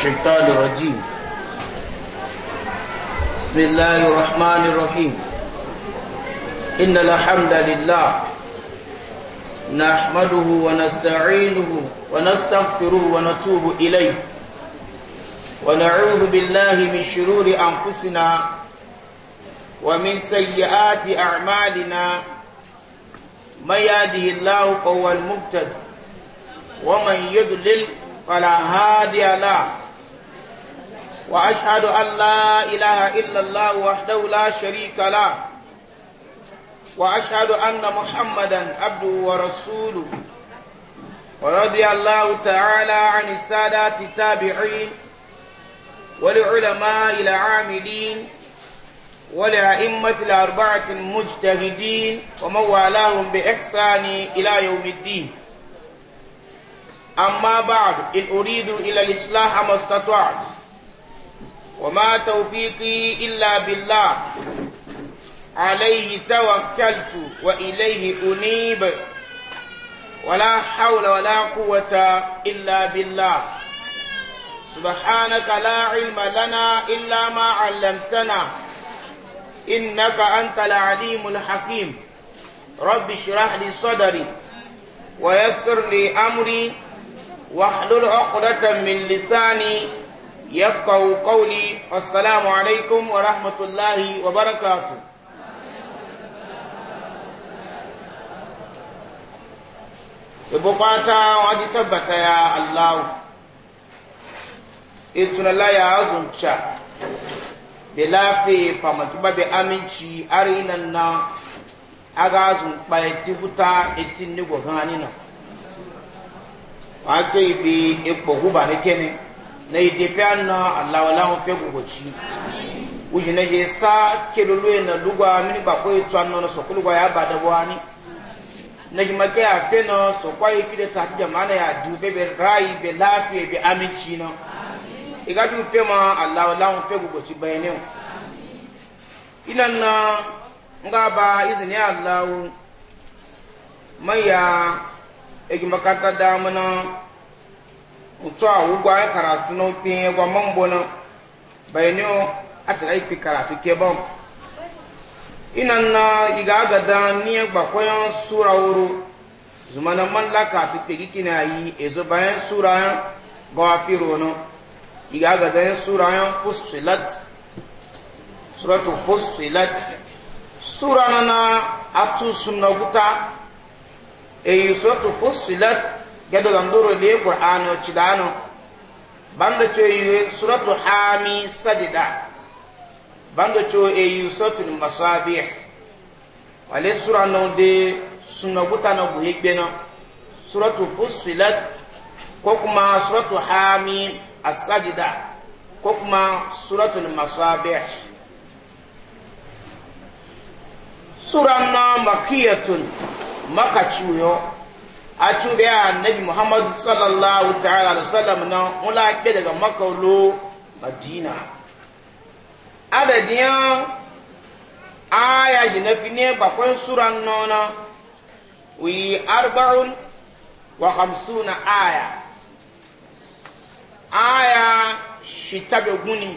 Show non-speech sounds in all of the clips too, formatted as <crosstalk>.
الشيطان الرجيم بسم الله الرحمن الرحيم إن الحمد لله نحمده ونستعينه ونستغفره ونتوب إليه ونعوذ بالله من شرور أنفسنا ومن سيئات أعمالنا ما يهده الله فهو المبتد ومن يضلل فلا هادي له وأشهد أن لا إله إلا الله وحده لا شريك له وأشهد أن محمدا عبده ورسوله ورضي الله تعالى عن السادات التابعين ولعلماء العاملين ولأئمة الأربعة المجتهدين ومن والاهم بإحسان إلى يوم الدين أما بعد إن أريد إلى الإصلاح ما استطعت وما توفيقي إلا بالله عليه توكلت وإليه أنيب ولا حول ولا قوة إلا بالله سبحانك لا علم لنا إلا ما علمتنا إنك أنت العليم الحكيم رب اشرح لي صدري ويسر لي أمري واحلل عقدة من لساني يفقه قولي والسلام عليكم ورحمة الله وبركاته ibukata waji tabbata ya Allah itunala ya azunca bi lafi famatuba bi aminci arinan na aga azun kpaiti huta itin ni gogan anina wa ke ibi ipo huba ni kene na idefe na alawala wọn fẹ gbogbo tsi na yẹ sa kelolo na lugwa mini gbàgbọ́ yẹ anọ na sọkulugba ya aba dẹbọ ani na yìí ma ya fe na sokwa yẹ fi ta ati jama na ya du bẹ bẹ ra yìí bẹ láàfin yẹ na ìgbàdú fẹ ma alawala wọn fẹ gbogbo tsi bẹyẹ nẹwọn ina na nga ba izini alawo maya egimakata damu na. Otu a wugwa ya karatu na mpi ya gwa mambo na banyere o a kara ipi karatu ke bom ina na iga agada ni ya gbakwayan sura wuru zuma na man laka tu pe na yi ezo bayan sura ya gawafiru no iga agada ya sura ya fusilat suratu fusilat sura na na atu sunna eyi suratu fusilat gedo gandoro le qur'ano chidano bando cho yiwe suratu hami sajida bando cho e yu suratu masabih wale sura no de sunna buta no bu higbe no suratu fussilat ko suratu hami as-sajida suratu masabih sura na makiyatun makachuyo atúbẹ̀ anabi muhammad sallallahu ta'ala alayhi na wọn la daga maka madina adadiyan aya jina fi ne bakwai sura nona wuyi arba'un wa hamsuna aya aya shi tabe guni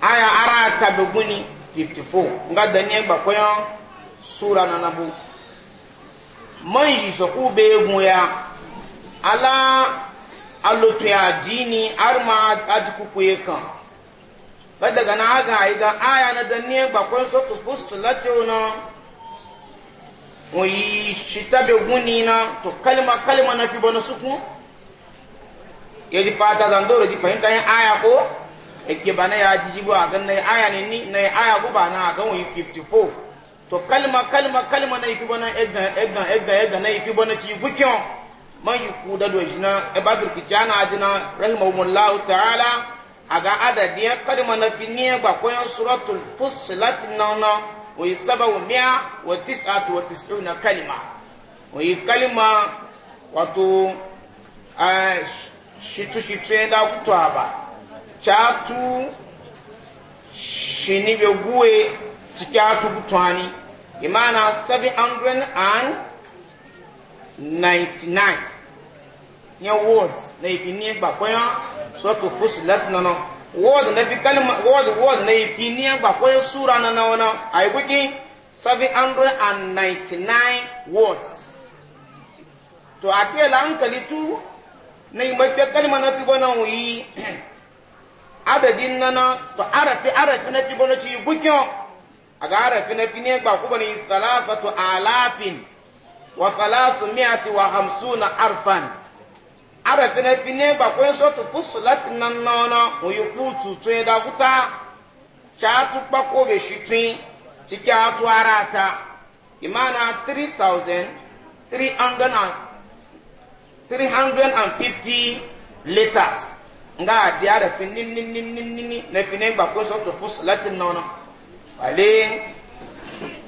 aya ara tabe guni 54 nga da ne bakwai sura na nabu man yi sɔku bɛ egun ya ala alotuya diini arima adikuku ye kan ba daga na aga ayi ga aya na da ne gba kɔn so tufu sulati o na oyi yi na to kalima kalima na fi bɔ na ya di pata zan doro di fahimta yin aya ko eke ba na ya jijibu a ga na aya na ni na aya ko ba na a ga o 54 to kalma kalma kalma na ifi bana egga egga egga egga na ifi bana ci gukiyo man yi kuda do jina e ba bir kijana ajina rahimahumullah ta'ala aga adadiya kalma na fi finiya ba ko yan suratul fussilat nana wa yasabu miya wa tis'atu wa tis'una kalma wa yi kalma wato a shitu shitu da kutwa ba chatu shini bi guwe ciki a tugu tuwani imana 799 nye words na ifi ni gbakoyan so to fusilat nana word na fi kalma word word na ifi ni gbakoyan sura na nana wana ayi wiki 799 words to akela hankali tu na yi mafi kalma na fi gwanan wuyi <clears throat> adadin nana to arafi arafi na fi gwanan ci bukin a ga rafine-fine ba kuma ne salasatu alafin wa salasu miyati wa hamsu na arfan a rafine-fine ba kuma so to fusulat nan nana oyi kutu tun da kuta ca tu kpako be shi tun ciki a tu ara ta 3,350 liters nga a diya da fi nini nini nini na fi ne gbakon so tu fusulat nan wale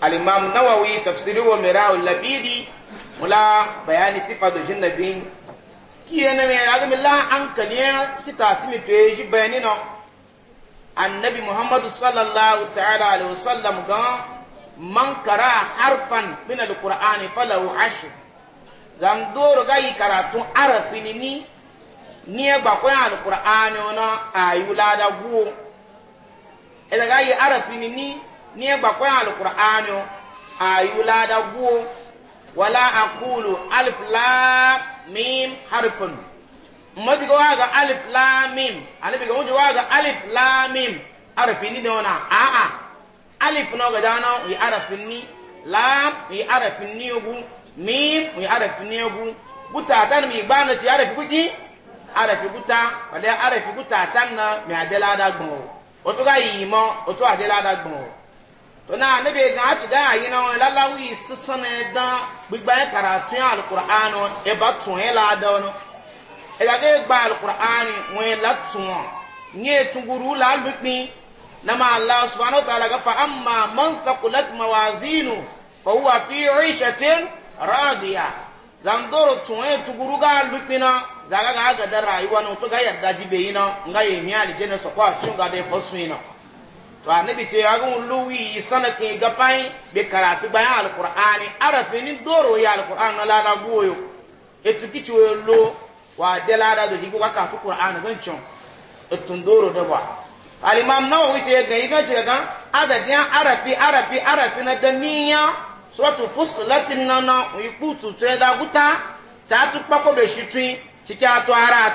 alimam nawawi tafsiri wa mira'ul labidi mula bayani sifatu jinnabi kiyana me agami la an kaniya sita simi to ji bayani no annabi muhammad sallallahu ta'ala alaihi wasallam ga man kara harfan min alqur'ani falahu ashr zan doro ga yi karatu arafini ni ni ba ko alqur'ani ona ayula da guo a yi arafini ni ni egba alụkwara alqur'ani ayu la da guo wala aqulu alif lam mim harfun mmadi go waga alif lam mim anabi go alif a a alif yi arafini lam yi arafini ugu mim yi arafini ugu buta tan mi gbana ti arafi arafi buta arafi buta tan na mi adela da otu ga yi mo otu adela dagbon to na ne be ga ti ga yi na la la wi sisan e dan gbigba ya karatu ya alquran e ba tun e la da wono e ga ge gba alquran won la tun nye tunguru la lupi na ma allah subhanahu wa ta'ala ga fa amma man thaqulat mawazinu fa huwa fi 'ishatin radiya zangoro tun e tunguru ga lupi na zaga ga aga da rayuwa na to ga yarda ji be yino nga ye mi ali jene so kwa chunga de fosu yino to annabi ce ya gun luwi sana ke ga pai be karatu bayan alqur'ani arafi ni doro ya alqur'an na lada goyo etu kici wo lo wa de lada do ji ka ka qur'an ban chon etun doro da ba al n'a nawawi ce ga yiga ce ga adadin arafi arafi arafi na daniya suratu fussilatin nana ikú tuntun ẹ̀dá gúta tí a tún pákó bẹ̀ ṣi tún cike a tụgharị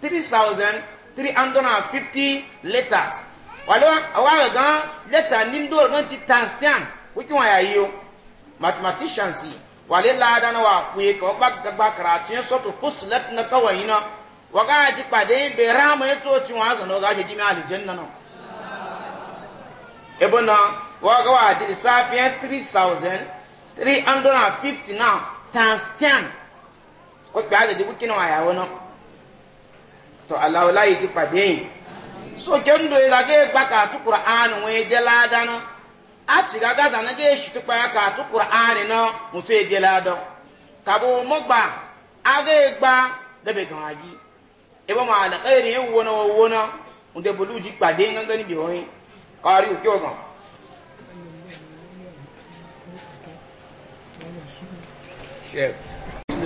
3,350 letters wale awa ga leta ndị ndị ọrụ nci tanstian wiki nwa ya yiwu mathematicians wale laada na wakwuye ka ọgba gagba karatu ya sọtụ first left na kawai na waga aji pade be rama ya tụọ cinwa azụ na ọga ji jimi alijan na nọ ebe na waga wa adị lissafi 3,350 na tanstian ó pè á dèdè kúkínà àyàwó náà tó aláwọ láyé ti pàdé yìí sókè ń do ìlàgé gba k'a kura wọn èdè a ti ga gaza na e shi tukpa ya k'a náà mo èdè ládàá kàbó mo gba dẹ́bẹ̀ agi ebe mo àlàkẹ́rì yẹn wọnà wọnà ń pàdé gángan níbi wọ́n kọ́rí òkè ọ̀gàn. Yeah.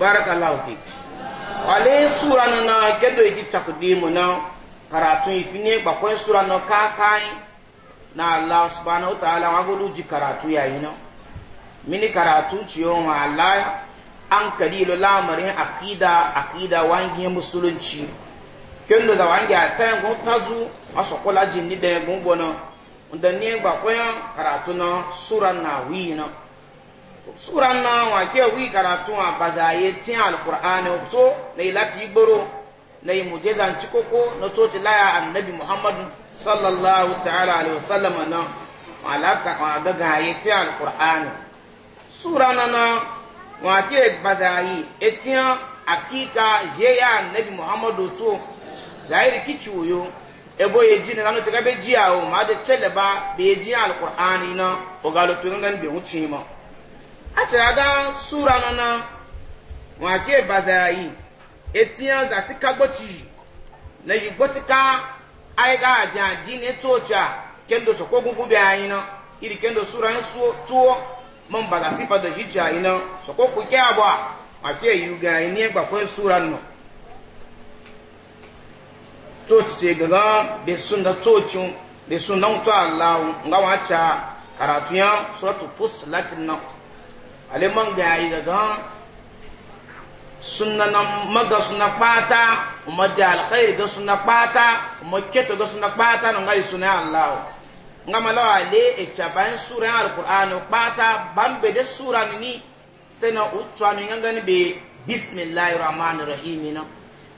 barakallahu fi wale sura na na kedo iji takdimu na karatu ifini bakwai sura na kakai na Allah subhanahu wa ta'ala wa gudu ji karatu ya na mini karatu ciyo ma Allah an kadilo lamarin akida akida wangi musulunci kendo da wangi atayin gun tazu asokola jinni da gun bono ndan ne karatu na sura na wi na sura na wa ke wi karatu a bazaye tin alqur'ani to lai lati gboro lai mujeza cikoko na to ti laya annabi muhammadu sallallahu ta'ala alaihi wasallam na alaka ka ga gaye tin alqur'ani sura na na wa ke bazaye etin akika ye ya annabi muhammadu to zahiri kichuyo ebo ye jina nanu ti ka be jiya o ma de cheleba be jiya alqur'ani na o galo to ngan be wucima achaga sura nana wake bazayi etiyan zatika kagboti na yi gbotika ai ga aja dine tocha kendo so ko gungu bi ayi na iri kendo sura yin so tuwo mun baga sifa da hija yi na so ko ku ke abwa wake yi ga yi ne gba sura no tochi ce besu be sunna besu na sunna to Allah ngawa cha karatu ya suratul fusilat nan ale man ga yi ga gan na maga suna kpata ma da alkhairi ga suna kpata ma keto ga suna kpata no ngai suna allah nga mala ale e chaban sura alquran kpata bambe de sura ni sena utwa mi nganga ni be bismillahir rahmanir rahim na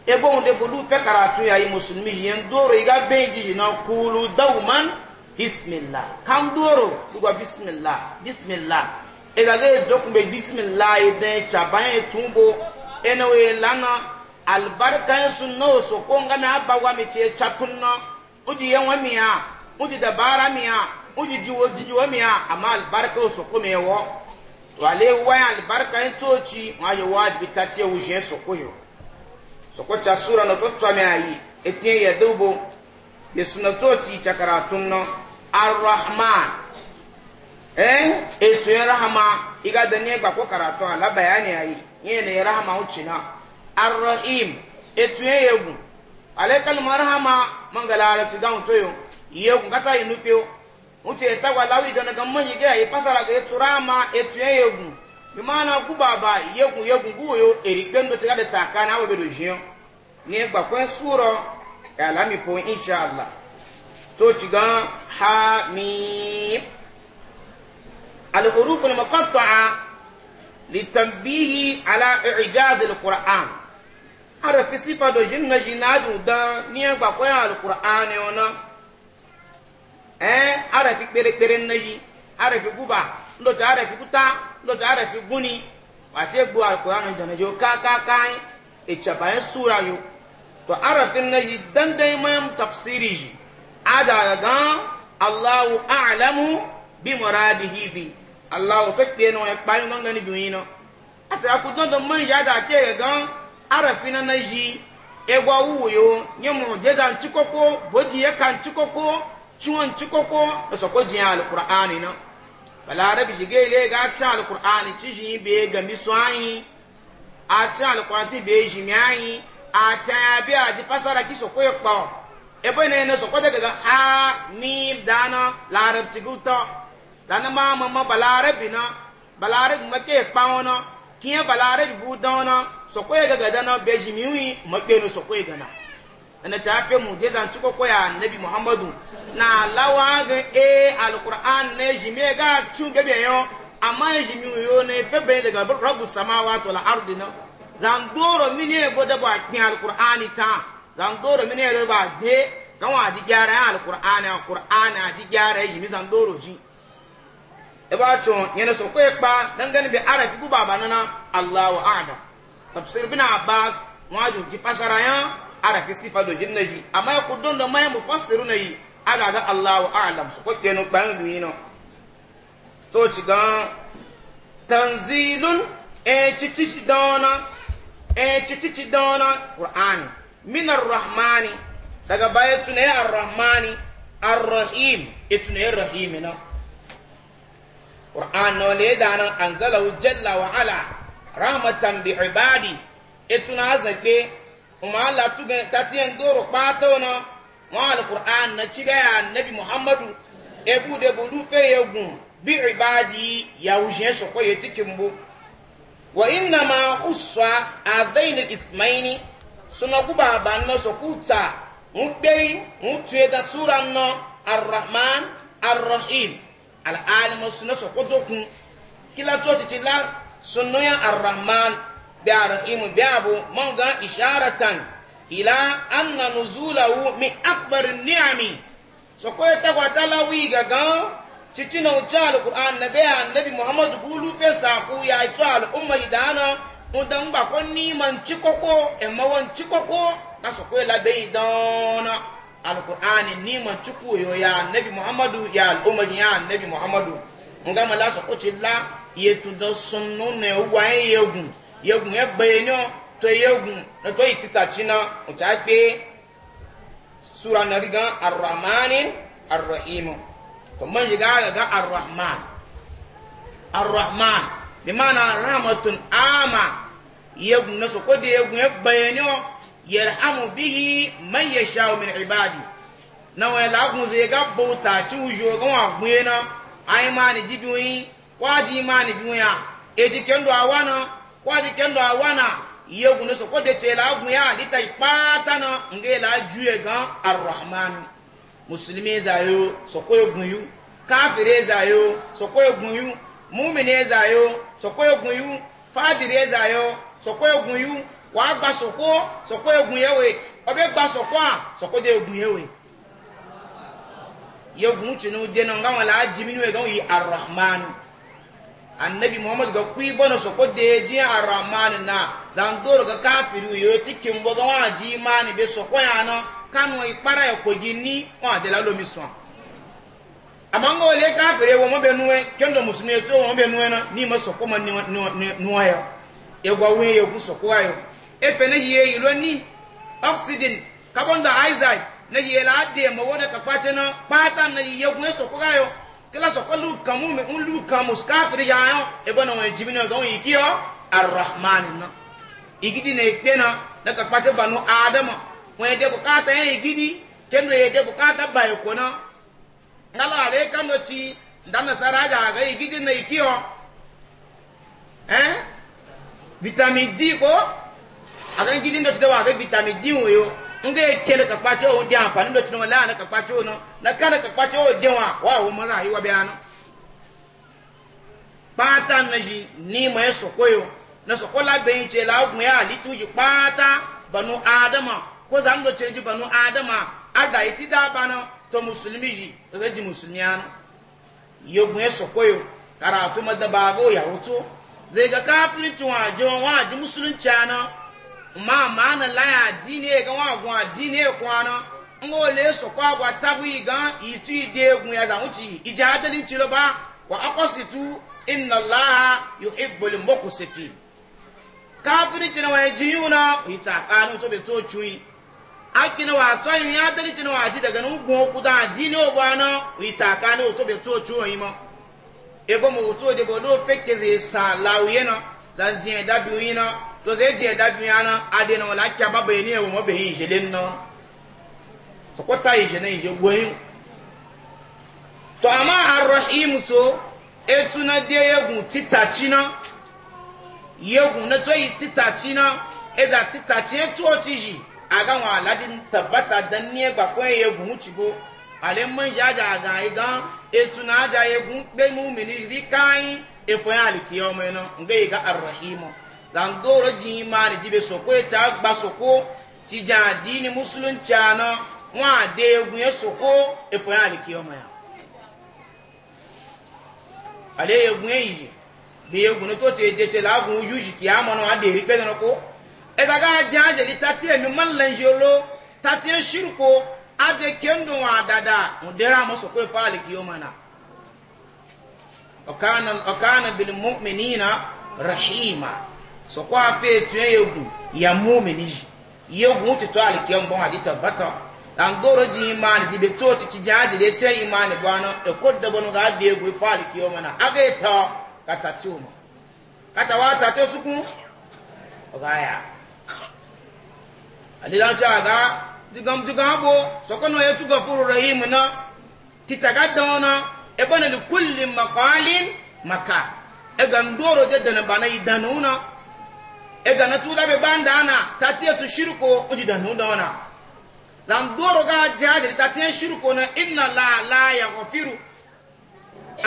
e bon de bulu fe karatu ya yi muslimi yen doro iga beji na kulu dauman bismillah kan doro duga bismillah bismillah ezage dokunbe bisimilayi den cabaye tumbo enewe lana alibarikaye sunna o soko nga mi abawa mi tiye catunna uji yewa miya uji dabara miya uji jiwo jijiwo miya amma alibarika o soko mi wo wale waya alibarikaye toci wa ye wajibi tatiye wujen soko yo soko cha sura na to twa mi ayi etiye yedubo be sunna toci cakaratun na arrahman ee eh, etu rahama iga da ne gbakwo karatu ala bayani yayi yin ne rahama uchi na arrahim etu yegu ale kalmar rahama mangala ala tu dan toyo yegu kata inu pe uche ta wala wi don ga manyi ga yi pasara ga etu rahama etu yegu bi mana ku baba yegu yegu yo eri gbendo tiga da taka na webe do jiyo ne gbakwo suro ya lami po insha to ci ha mi الحروف المقطعة لتنبيه على إعجاز القرآن عرف صفة دجن نجناد ودان نيان بقويا القرآن يونا eh arafi kperekpere nneji arafi guba ndocha arafi kuta ndocha arafi guni wati egbu alkuran janajo kakakai ichabaye sura yo to arafin nneji dandai mayan tafsiri ji ada ga allahu a'lamu bi muradihi bi allah o fɛ kpe no ɛkpa yi ŋan gani dunyi no ati akutɔn tɔ man ya da ke gan arafi na na yi egwa wuwo yo nye mu jeza ntukoko boji ye ka ntukoko tiwọn ntukoko esoko jiyan alukur'ani na balare bi jige ile ga ti alukur'ani ti yi be gami so a ti alukur'ani be jimi a ta ya bi a di fasara ki soko ye kpɔ ebe larabci gutɔ dana maa ma ma balaare bina balaare ma kee kpaŋo na kiɛ balaare buu dɔɔ na sɔkoe gaga dana bɛzimiwi ma kpenu sɔkoe gana ɛnɛ taa fɛ mu jezan tukɔ kɔ yaa nabi muhammadu na lawaage ee alukur'an ne zimie gaa tun bɛbɛ yɔ ama zimiwi e yo ne fɛ bɛn daga rabu sama wa tɔ la arudi na zan dooro mini ye bɔ dabɔ a kpɛ alukur'ani tan zan dooro mini ye bɔ a de kan waa di jaara alukur'ani alukur'ani a di jaara zimi e zan dooro zi. ibato e yana so ko pa dan gani bi arafi ku baba nana Allahu a'lam tafsir bin Abbas wajin ki fasara ya arafi sifa do jinnaji amma ku don da mai mufassiru nayi aga ga Allahu a'lam so ko kenu ban duino to ci ga tanzilun e cici dona e cici dona qur'an min ar-rahmani daga bayatuna ya ar-rahmani ar-rahim ituna e ya rahimina qur'an no le dana anzalahu jalla wa ala rahmatan bi ibadi etuna azagbe umma la tuga tatien doro pato no na chiga ya nabi muhammadu ebu de bulu fe yegun bi ibadi ya uje so ko yetikimbu wa inna ma khussa adain alismaini suna guba banno so kuta mu mutwe da sura no ar arrahim al'alima suna sokoto kun kila coci ti la sunuyan arrahman bi arhimu bi abu man ga isharatan ila anna nuzulahu min akbar ni'ami sokoye tagwata la wi gagan cici na alkur'an na bai annabi muhammadu gulu fe saku ya ci al'umma idana udan bakon niman cikoko emawan cikoko na soko la bai idana alkur'ani niman cuku yo ya nabi muhammadu ya al'umar ya nabi muhammadu nga ko la ye sunnu ne wa e to na to itita china o ta sura na riga arrahman arrahim to man yiga ga bi mana rahmatun ama yegun na so ko de e yarhamu bihi man yashau min ibadi na wani lagun zai ga bauta ci ujo ga wa guyena ai ma ni jibiwi kwaji ma ni biya e ji kendo awana kwaji kendo awana iye gunu so kote ce la guya ni ta ipata na nge la juye gan arrahman muslimi zayo so ko guyu kafire zayo so ko guyu mu'mine zayo so ko guyu fajire zayo so ko guyu wàá gba sọ̀kó sọ̀kó egun yẹn wè ọbẹ̀ gba sọ̀kó à sọ̀kó dé egun yẹn wè. yegun tunu dena nga wọn laa jimi ni wọn yi arahman anabi muhammadu ka kui bɔ na sɔkɔ dee diɛ arahman na zandoro ka kaapiri o yoo ti kim bɔ ka wọn a ji maani bɛ sɔkɔ yan nɔ kanu ikpara yɛ kogi ni wọn a de la lomi sɔn amanga wòle kaapiri wọn bɛ nuwɛ kendo musulmi etu wọn bɛ nuwɛ na ni ma sɔkɔ ma nuwɛ yɛ egwa wɛn yɛ kun sɔkɔ ayɔ. efe na yiye yiro ni oxygen carbon dioxide na yiye la de mo wona ka pate na pata na yiye gun so ko gayo kila so ko lu kamu me un lu kamu skafri ya yo e bona won jibino yo yikiyo rahman na igidi na ekpe na na ka pate banu adam e de bukata e igidi kendo ye de bukata bayo ko na ngala ale kando ti ndana saraja ga igidi na ikiyo eh vitamin D ko agan gidi ndo tidawa ga vitamin D wo nga yake da kakpace o di amfani da tunawa na kakpace o no na kana kakpace o di wa wa o mun rayuwa bi ano pata na ji ni ma yeso koyo na so kola be ce la ogun ya ali ji pata banu adama ko zan do ce ji banu adama ada iti da bana to musulmi ji da ji musulmi ano yogun yeso koyo karatu madaba go ya wuto zai ga kafirci wa jo wa ji musulunci ano ma ma na laya adini ga wa gwa adini kwa na ngo le so kwa gwa tabu iga itu ide egun ya zanchi ija adali tilo ba wa aqsitu inna allaha yuhibbul muqsitin kafiri tina wa e jiyuna ita kanu to be to chuyi akina wa to yin ya dali tina wa ji daga nugun oku da adini ogwa na ita kanu to be to chuyi e mo ego mo to de bodo fekeze e sa lawiye na zanji da biwina to zai je da biya na ade na wala kya baba ne wo mo be yin je len no so ko ta je na yin je goyin to ama arrahim to etu na de yegun titachi na yegun na to yi titachi na e da titachi etu o ti ji aga wa aladin tabbata dan ni egba ko yegun uchigo ale man ja ja ga igan etu na ja yegun pe mu mi ni ri kai efo ya aliki ọmọ ina nge ga arrahimu zangoro ji imani jibe soko ta gba soko ti jan adini musulunci ana wọn ade egun yẹn soko efo aliki ọmọ ya ale egun eyi bi egun tó ti jẹjẹ laagun ojú yìí kì í amọ̀ náà adé rí pẹ́ẹ́nà kó ká ń ṣe wọn soko efo aliki ọmọ rahima. sọkwa afa etu egwu ya mumini ji iye yegwu ntutu alike mbọ ha dịta bata na ngoro ji imani dibe to ọchịchị ji ha jide ete imani bụ anọ ekodobonu ga adị egwu ife alike ọma na aga ịta katati ụmụ kata wa tati osukwu ọga ya alilancha aga digam digam abo sọkọnọ ya tuga gafuru rahim na titaga dọna ebe na likulli makalin maka ega ndoro je dana bana idanuna ega na tuda be banda na tatiya tu shirko uji da nunda wana zan doro ga jaji tatiya shirko na inna la la yaghfiru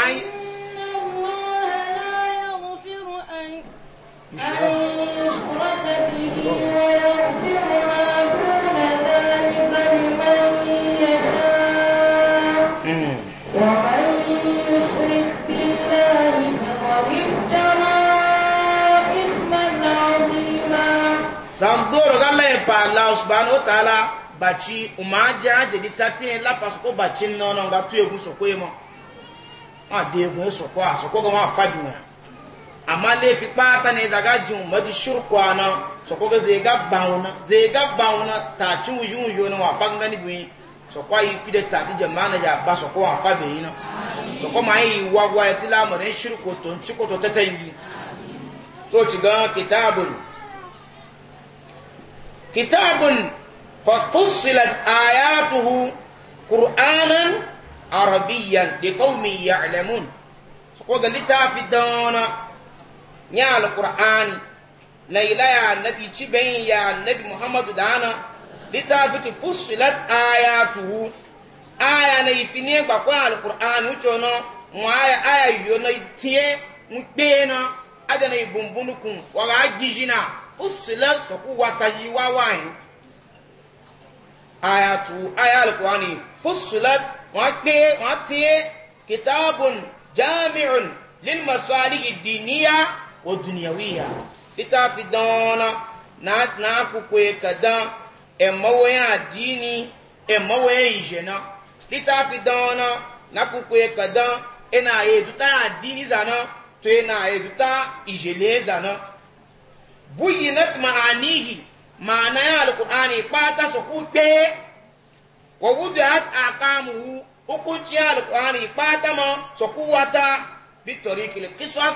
ay inna la yaghfiru ay doro gala e ba Allah subhanahu wa ta'ala bachi umaje aje di tati la pasoko bachi no no ga tu egun soko e a de egun soko a soko ga wa fadi mo amma le fi pata ne daga jun ma di shirku ana soko ga ze ga bauna ze ga bauna ta chi uyu uyu no wa fanga ni bi soko yi fi de tati jamana ya ba soko wa fadi ni soko ma yi wa wa ti la mo ne shirku to nchiko to tete yi so ci ga kitabul كتاب قد فصلت آياته قرآنا عربيا لقوم يعلمون سقوط لتافي دونا يا القرآن ليلى يا النبي تبين يا النبي محمد دانا لتافي فصلت آياته آية نيفيني بقوا القرآن وشونا معايا آية يونا تيه مبينا أدنى يبنبنكم وغا جيجنا usilan soku wata yi wa wayin ayatu aya alkurani fusilat wọn pe wọn tiye kitabun jami'un lil masalihi diniya wa duniyawiya littafi dana na na kukwe kadan emawoyin addini emawoyin ijena littafi dana na kukwe kadan ina yezuta addini zana to ina yezuta ijele zana buyinat ma'anihi ma'ana ya alkur'ani ɓata su kuɗe wa wudat aqamuhu hukunci ya alkur'ani ɓata ma su kuwata bitorikil kisas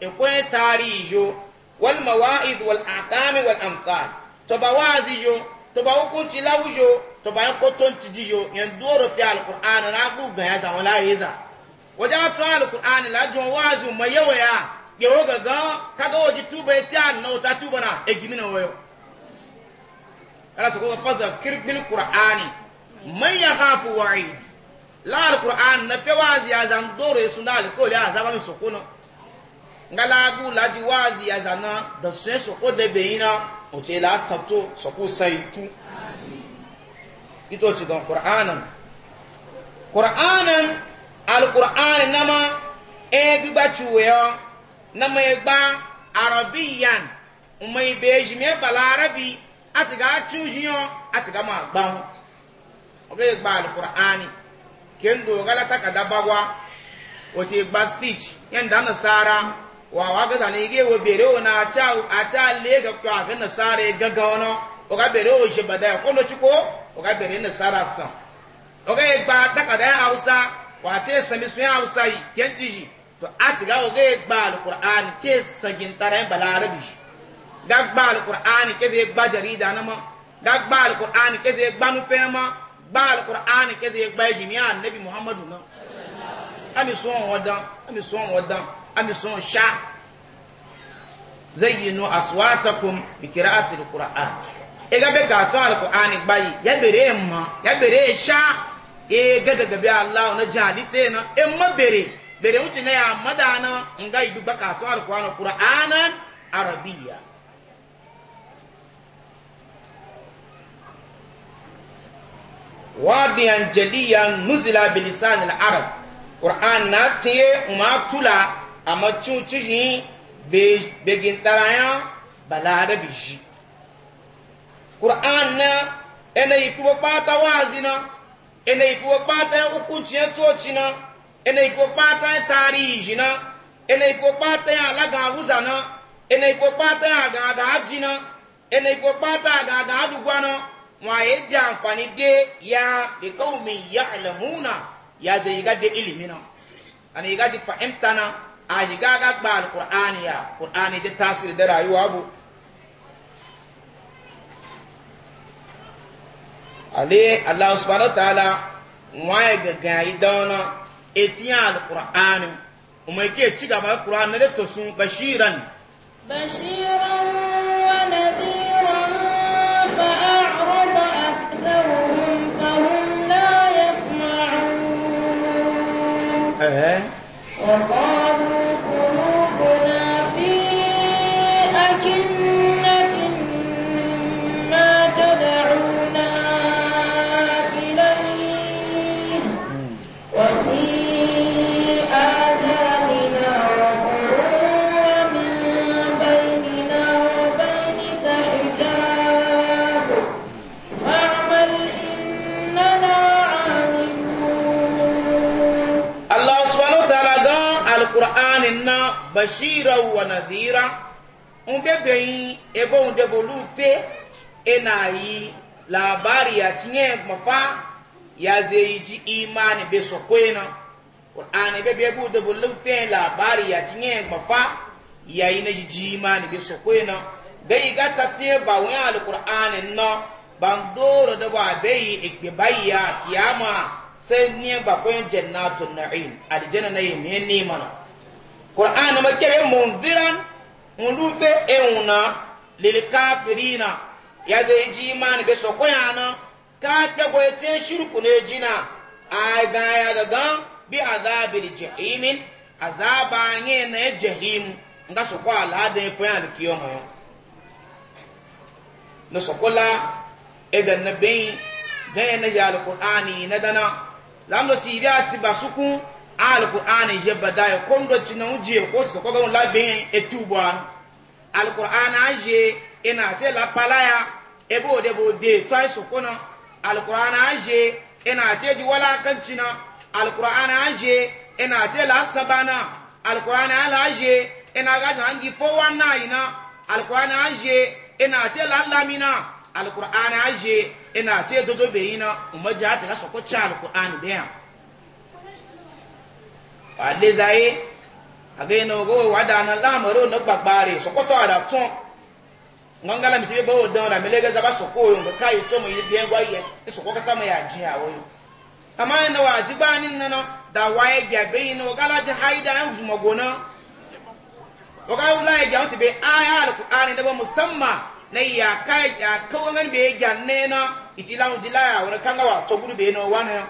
ikwe tarihi wal mawa'id wal aqami wal amthal to ba wazi yo to ba hukunci lawu yo to ba koton tiji yo yan doro fi alkur'ani na gugan ya zama la yeza wajen to alkur'ani la jun wazi mai yawa ya gẹ̀wọ́ gẹ̀gán kágọ́wọ́ di túbọ̀ etí àná ọ̀tá túbọ̀ náà egimi náà wọ́yọ̀ alasọ̀kọ́ fọ́sà kírígbìlì kùránì mẹ́yà káfù wáyé láàrú kùránì na fẹ́ wáàzì àzàn dóòrò èso náà lè kóòlì àzábà mi sọ̀kọ́ náà ngalagu láti wáàzì àzàn na dọ̀sùn sọ̀kọ́ dẹ̀bẹ̀ yìí náà òtí ilà sàtó sọ̀kọ́ sẹ́yìn tú ìtòtì gan kùránì kùránì alukùránì náà ma ẹ́ gbígbà tiwẹ̀ yọ na mai gba arabiyan mai beji mai balarabi a ti ga cujiyo a ti ga ma gbanwu oge gba alkur'ani ken dogala takada bagwa wace gba speech yadda nasara wawa gaza na ige wo bere o na acha acha le ga kwa ga nasara e gaga ono oga bere e o je badai ko no chiko oga bere nasara san oga gba takada e hausa wace sami sun hausa yi kenji to a ti gawo ga gba alkur'ani ce sagin tarayin balarabi ga gba alkur'ani ke zai gba jarida na ma ga gba alkur'ani ke zai gba nufe na ma gba alkur'ani ke zai gba jimiya annabi muhammadu na ami son wadan ami son wadan ami son sha zayyinu aswatakum bi qira'ati alqur'an e ga be ka to alqur'ani gbayi ya bere ma ya bere sha e ga ga be allah na jali te na e ma bere bere wuce na ya mada ana nga idu baka to alquran qur'anan arabiya. wadiyan jaliyan nuzila bilisan al-arab qur'an na tiye umatula amma cuci be begin taraya balarabi shi qur'an na ene ifuwa pata wazina ene ifuwa pata hukunci ya tsoci na ene iko pata e tari jina ene iko pata e alaga uzana ene iko pata e aga aga ajina ene iko pata aga aga adugwana wa yaji amfani de ya bi qaumi ya'lamuna ya je yiga de ilimina ana yiga de fahimtana a yiga ga gba alqur'ani ya qur'ani de tasiri da rayuwa abu ale allah subhanahu wa ta'ala wa ya gaga idona etiyan alqur'ani kuma yake ci gaba alqur'ani da to sun bashiran bashiran wa nadhiran fa na yi labari ya tinye mafa ya zai ji imani bai so kwena ƙur'ani bai bai bude bulun fiye labari ya tinye mafa ya yi na ji imani bai so kwena bai ga ta tiye ba wani alƙur'ani na ban doro da ba bai yi ikpe bayya kiyama sai ni ba kwen jannatun na'im aljanna na yi mai nimana ƙur'ani ma kebe munziran mun lufe ehuna lilikafirina ya zai ji imani bai so na ka kpego ya tiyan shirku ne na a ga ya gaga bi azabil jahimin azaba nye na ya jahim nga so kwa ala da ya fuya da kiyo mayo na sokola kola e ga na bai na ya alqur'ani na dana lamdo ti bi ati basuku alqur'ani je badai kondo ti e e na uje ko so ko ga la bai eti ubwan alqur'ana ina te la ya. ebe o debo de twice sukuna alkur'ana anje ina ce ji walakanci na alkur'ana anje ina ce lasaba na alkur'ana ala anje ina gaji hangi 419 na alkur'ana anje ina ce lallami na alkur'ana anje ina ce dodobe yi na umarji hata ga sokoci alkur'ani da yan wale zaye a gaina ogowe wada na lamarin na gbagbare sokoto da tun ngangala mitibe bo don la melege za basoko yo ngo kai to mu yige ngwa ye isoko e kata mu ya ji awo yo ama ina wa ji ba ni nana da wa ye ga e be ina o kala ji haida an zuma gona o ka ula ye ja tibe aya alqur'ani da ba musamma na ya kai ya ko ngan be ga ne na isilamu dilaya wa kanga wa to buru be no wa na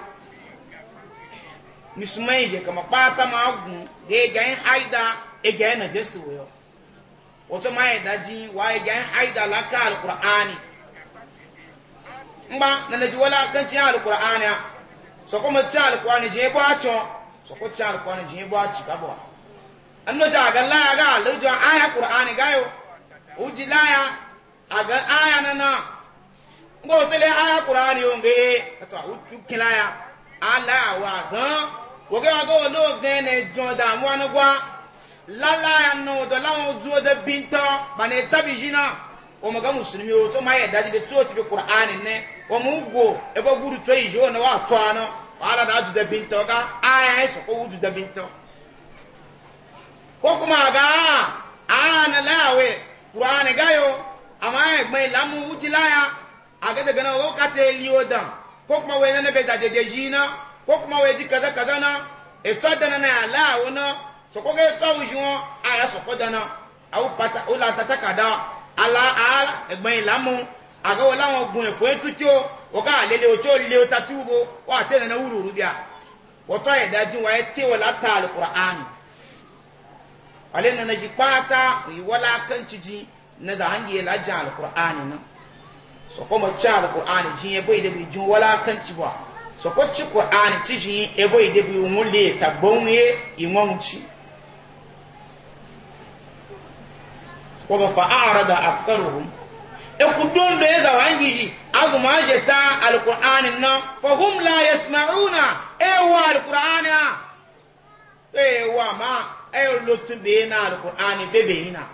misumai je kama pata ma gun ge ga haida e ga na jesu yo wato ma ya daji waye gyan haida laka alkur'ani ngba na naji wala kan cin alkur'ani so kuma cin alkur'ani je bo acho so ko cin alkur'ani je bo achi ka bo anno ja ga la ga le jo aya qur'ani ga yo uji la ya aga aya na na ngo pele aya qur'ani yo nge to u kila ya ala wa gan wo ga go lo gan ne jon da mu anu gwa lala ya no da lawo zuwa da binta ba ne tabi jina o maga musulmi o to ma ya daji be to ti be qur'ani ne o mugo go e ba guru to yi ne wa to ana wala da ju da binta ga aya so ko ju da binta ko kuma ga ana lawe qur'ani ga yo ama e gbe lamu uji laya aga daga na o ka te liyo dan ko kuma we na be za de jina ko kuma we ji kaza kaza na e to da na na lawo na Sokoke kẹ́ káwọn ìṣù wọn àyà sọ̀kọ́ dáná àwọn pata ó la tataka dá ala ala ẹ̀gbọ́n yìí lámú àgọ́wọ́ láwọn gun ẹ̀fọ́ ètú tí ó ọ̀ká lele ojú òlile ọta túbò wọ́n àti ẹ̀nà wúrúurú bíà wọ́tọ́ ẹ̀dájú wọn ẹ̀ tí wọ́n láta àlùkùrọ̀ àmì wàlẹ́ nana yìí pátá ìwọ́lá kẹ́ntìjì na da hangi ya lajin alkur'ani nan so kuma cin alkur'ani shi ya bai da bai jin wala kan ci ba so ko ci qur'ani ci shi ya bai da bai mun le tabbon ye imam ci wa fa a'rada aktharuhum e ku don do yeza wangiji azuma jeta alqur'anin na fa hum la yasma'una e wa alqur'ana e wa ma e lotun be na alqur'ani be be ina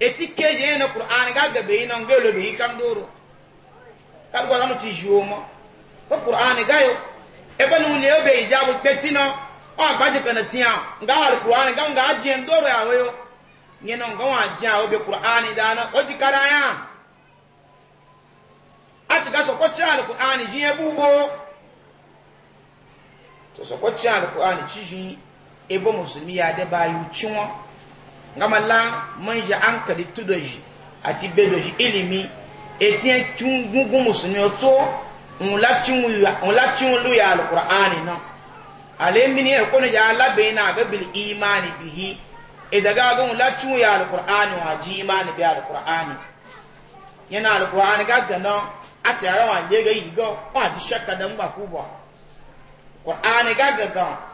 etike je na qur'ani ga ga be ina ngelo be kan doro kar ko gamu ti jomo ko qur'ani ga yo e ba nu le be ijabu betina o agbaje kana tiya nga alqur'ani ga nga ajien doro ya yo nyena nga wa jia obe qur'ani dana oji kara ati A sokko ci al qur'ani ji e bubo to sokko ci al kur'ani ci ji ebe musulmi ya de bayu ci won gama la man ji an kali ati bedoji ilimi eti en tungungu musulmi otu un la ti un la ti lu ya al na ale mini e ko ne ja be na ga imani bihi izaga ga wula tuya alqur'ani wa ji imani bi alqur'ani yana alqur'ani ga gana a ti ara le ga yi go wa di shakka da mba ku ba qur'ani ga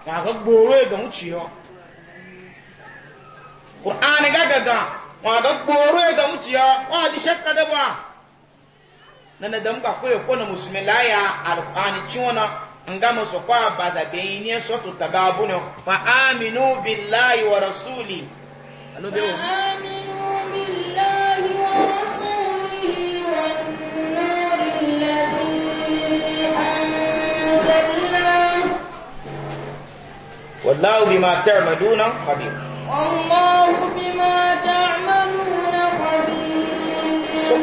wa ga gboro e ga mu qur'ani ga wa ga gboro e ga mu ci yo wa di shakka da ba nana da mba ku yo ko na musulmi la ya ngamo so kwa baza be ni so to tagabu no fa aminu billahi wa rasuli alo de o aminu billahi wa rasulihi wan nar alladhi anzalna wallahu bima ta'maluna khabir wallahu bima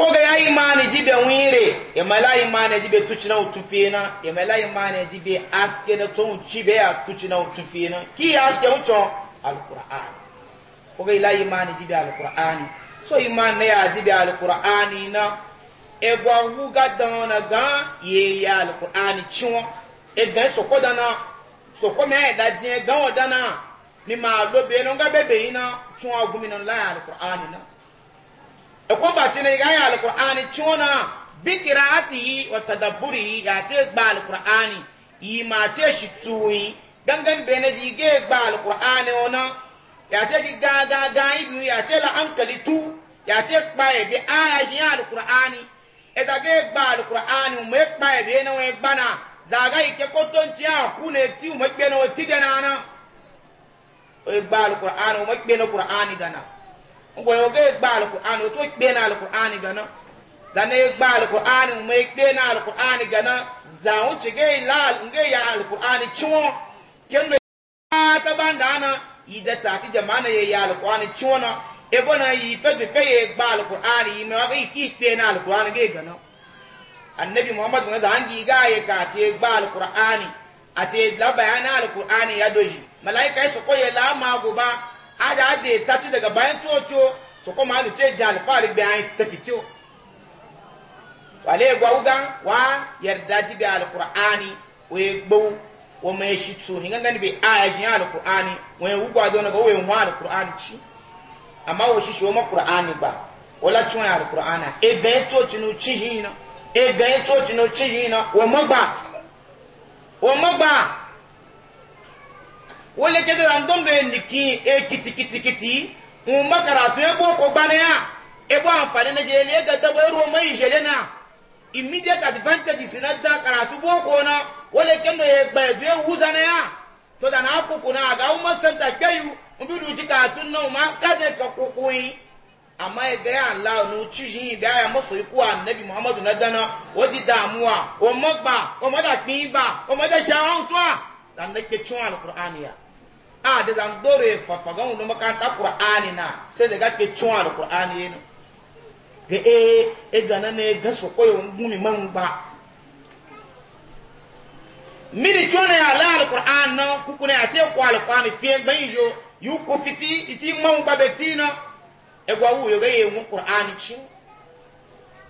boga ya imani jibe wire ya mala imani jibe tuchina utufina ya mala imani jibe aske na tun chibe ya tuchina utufina ki aske ucho alquran boga ila imani jibe alquran so imani ya jibe alquran na e egwa wuga dona ga ye ya alquran chiwo e ga soko dana soko me e da jin ga odana mi ma lo lobe no ga bebe ina tun agumina la alquran na ẹ̀kọ́ e bàtí ni ìyá yà alukur'ani tí wọn náà bí kìrà àti yìí ọ̀tàdàbúrì yìí àti gba alukur'ani yìí mà àti èsì tuwìn gangan bẹ́ẹ̀ yìí gé gba alukur'ani wọn náà yà àti yìí ibi yà àti ankali tu yà àti kpa yẹ e bi aya yìí yà alukur'ani ẹ̀dá e gé gba alukur'ani mọ̀ ẹ̀ kpa yẹ bi ẹ̀ náà zàgá yìí kẹ́ kótó ntí yà kú nà etí ti dẹ̀ náà náà ẹ̀ gba alukur'ani mọ̀ ẹ̀ kur'ani gánà. ngwayo ga gba alquran to kpe na alquran gana zane gba alquran mu kpe na alquran gana za un ci ga ilal nge ya alquran ciwo kendo ta banda na ida ta ti jamana ye ya alquran ciwo na e na yi pe de pe ye gba alquran yi me wa ga kpe na alquran ga gana annabi muhammad zan zangi ga ye ka ti e gba alquran ati e la bayana alquran ya doji malaika e su ko ye la ma go ba ada ade tachi daga bayan coco so kuma alu ce jali fari bayan tafi ciwo wale gwa ugan wa yarda ji bi ye we gbo ma me shi tu hinga ngani bi aya ji alqur'ani we ugwa do na go we wa alqur'ani ci amma o shi shi wo ma Kur'ani ba wala tun alqur'ana e ga to chinu chi hina e ga to chinu chi hina wo ma gba wo ma gba wole kede la ndondo ye niki e kiti kiti kiti umba karatu ye bo ko gbane ya e bo amfani na jele ye ga dabo mai jele na immediate advantage sina da karatu bo ko na wole kendo ye gba e wuza na ya to da na akuku na ga uma santa kayu umbi du karatu na uma ka e ya ya Muhammadu na dana wodi a ah, da zan dore fafagan wani makaranta ƙur'ani na sai da gafe cewa da ƙur'ani yana ga e e eh, eh, gana ne ga su koyo um, gumi man um, ba mini cewa ya ala alƙur'an nan kuku ne a ce ku alƙur'ani fiye ban yi yo yi ku fiti iti man um, ba beti na e gwa wu yo ga yi mun ƙur'ani ci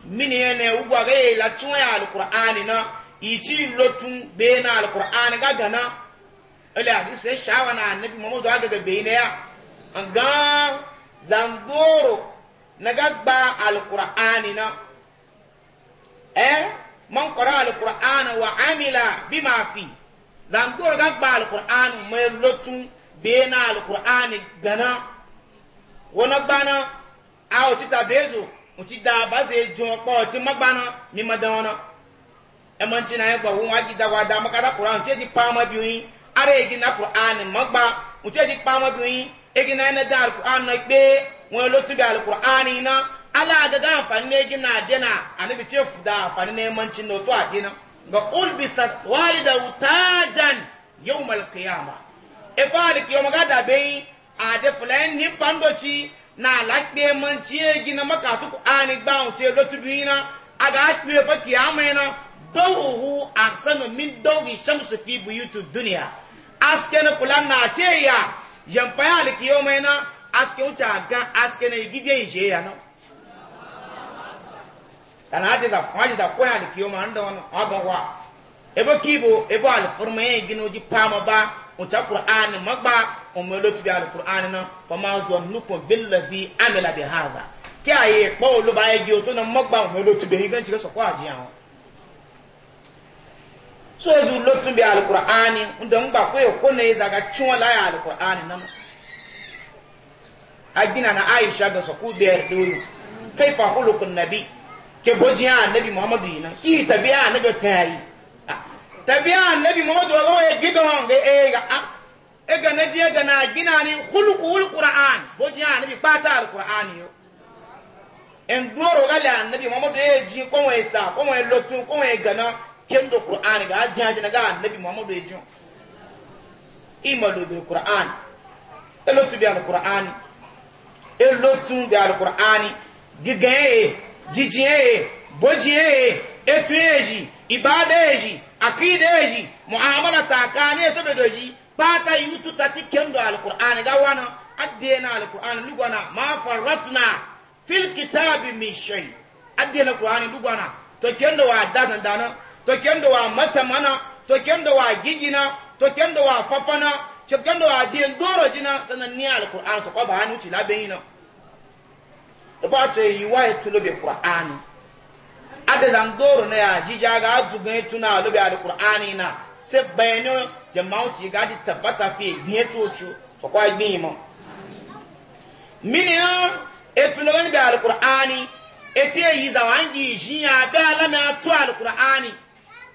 mini ya ne ugwa ga la cewa ya alƙur'ani na iti lotun bena alƙur'ani ga gana ele hadisi ya shawa na annabi muhammadu aga ga bai ya ga zandoro na gagba alkur'ani na eh man qara alkur'ana wa amila bima fi zandoro gagba alkur'ani mai lotun bena alkur'ani gana wona gbana a o ti tabezo o ti da baze jun opo o ti magbana mi madana e man ti na e gba won wa gida wa da makara qur'an ti di e pa ma bi yin ara egi na qur'an magba mutu ji kpama e bi egi na na dar qur'an na pe won lo tubi al qur'an na ala ga ga afani na egi na de na anabi che fuda afani na manchi na to adina ga ulbisat walida utajan yawm al qiyamah e falik yo maga da be ade fulan ni pandochi na ala kpe manchi egi na maka tu qur'an gba mutu e lo tubi na aga kpe pa kiyama na dawuhu ahsanu min dawhi shamsi fi buyuti dunya aske na fulan na ce ya jamfa ya alkiyo mai na aske wuce gan aske na igige ije ya na kana ati za kwa ji za kwa alkiyo ma ndo wani wagon wa ebe kibo ebe alfurma ya gino ji pama ba wuce kur'ani magba umelo tibi alqur'ani na fama zannukum billazi amila bihaza kiyaye kpawo lo ba ya gi o to na magba umelo tibi higan ci ga so kwa ji ya so ezu lotun bi alqur'ani ndo ngba ko e ko ne zaga chun la ya alqur'ani nan agina na aisha ga so ku de dulu fa hulukun nabi ke bojiya annabi muhammadu ina ki tabiya annabi tayi ah. tabiya annabi muhammadu ga e gidon ga e ga a ah. e ga na je ga na gina ni hulukun hulukul qur'an bojiya annabi pata alqur'ani yo en duro ga la annabi muhammadu e ji ko we isa ko we lotun ko we gana kendo qur'an ga jaji na ga annabi muhammadu ejo imadu bil qur'an elotu bi al qur'an elotu bi al qur'an gigaye jijiye bojiye etuyeji ibadeji akideji muamala takane to bedoji bata yutu tati kendo al qur'an ga wana adena al qur'an lugwana ma farratna fil kitabi min shay adena qur'an lugwana to kendo wa dasan dana to kendo wa mata mana to kendo wa gigina to kendo wa fafana to kendo wa jiyan doro jina sannan ni alquran so ko ba hanu ti labe na. to ba to yi wa to tulobe qur'an ada zan doro na ya jija ga azugun tuna lobe alquran na se bayani jama'u ti ga di tabbata fi gbe to chu so ko gbe mo miniyan etulogani be alqur'ani eti eyi zawangi jiya be ato to alqur'ani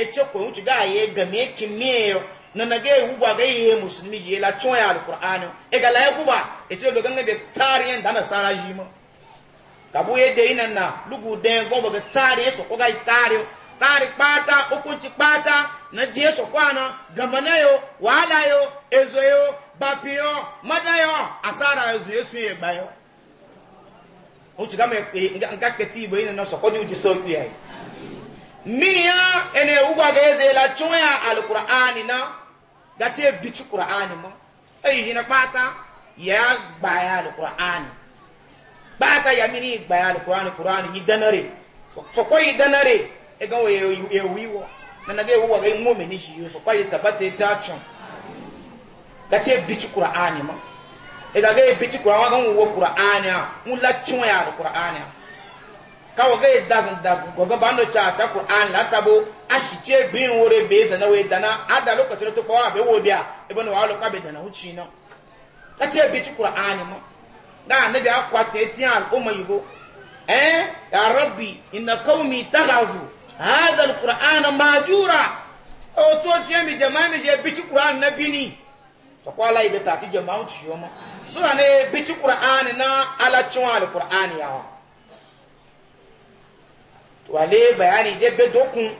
eche ko wuce ga ye game kimiyo na nage wuba ga ihe musulmi ye la chon ya alqur'ani e ga la ya guba eche do ganga be tariyan da na sara jima kabu ye de ina na lugu de go ga tari so ko ga tari tari pata hukunci pata na je so kwana gamana yo wala yo ezo yo bapi mada yo asara ezo yesu ye gba yo wuce ga me nga keti ibo ina na so ko ni uji so ku ya miya ene ugwa ga eze la chunya alqur'ani na gati e bitu qur'ani mo yi hina pata ya gba ya alqur'ani pata ya mini gba ya alqur'ani qur'ani yidanare so ko yidanare e ga e wo e wiwo na na ga e wo ga mu me ni shi so pa ta tachon gati e bitu qur'ani mo e ga ga e bitu qur'ani ga wo qur'ani a un la chunya alqur'ani a kawo ga yadda zan da gobe ba no cha ta qur'an la tabo ce bin wore be zana we dana ada lokacin to kwa be wobia ibn wa lokwa be dana huchi no ta ce bi ci qur'ani mo ne bi akwa te ti al umma yugo eh ya rabbi inna qaumi taghazu hadha al qur'an mahjura o to ce mi jama'a mi je bi ci qur'an na bini to kwa la ida ta ti jama'a ci yo mo so ne bi ci na ala ci al ya wa. wale bayani de be dokun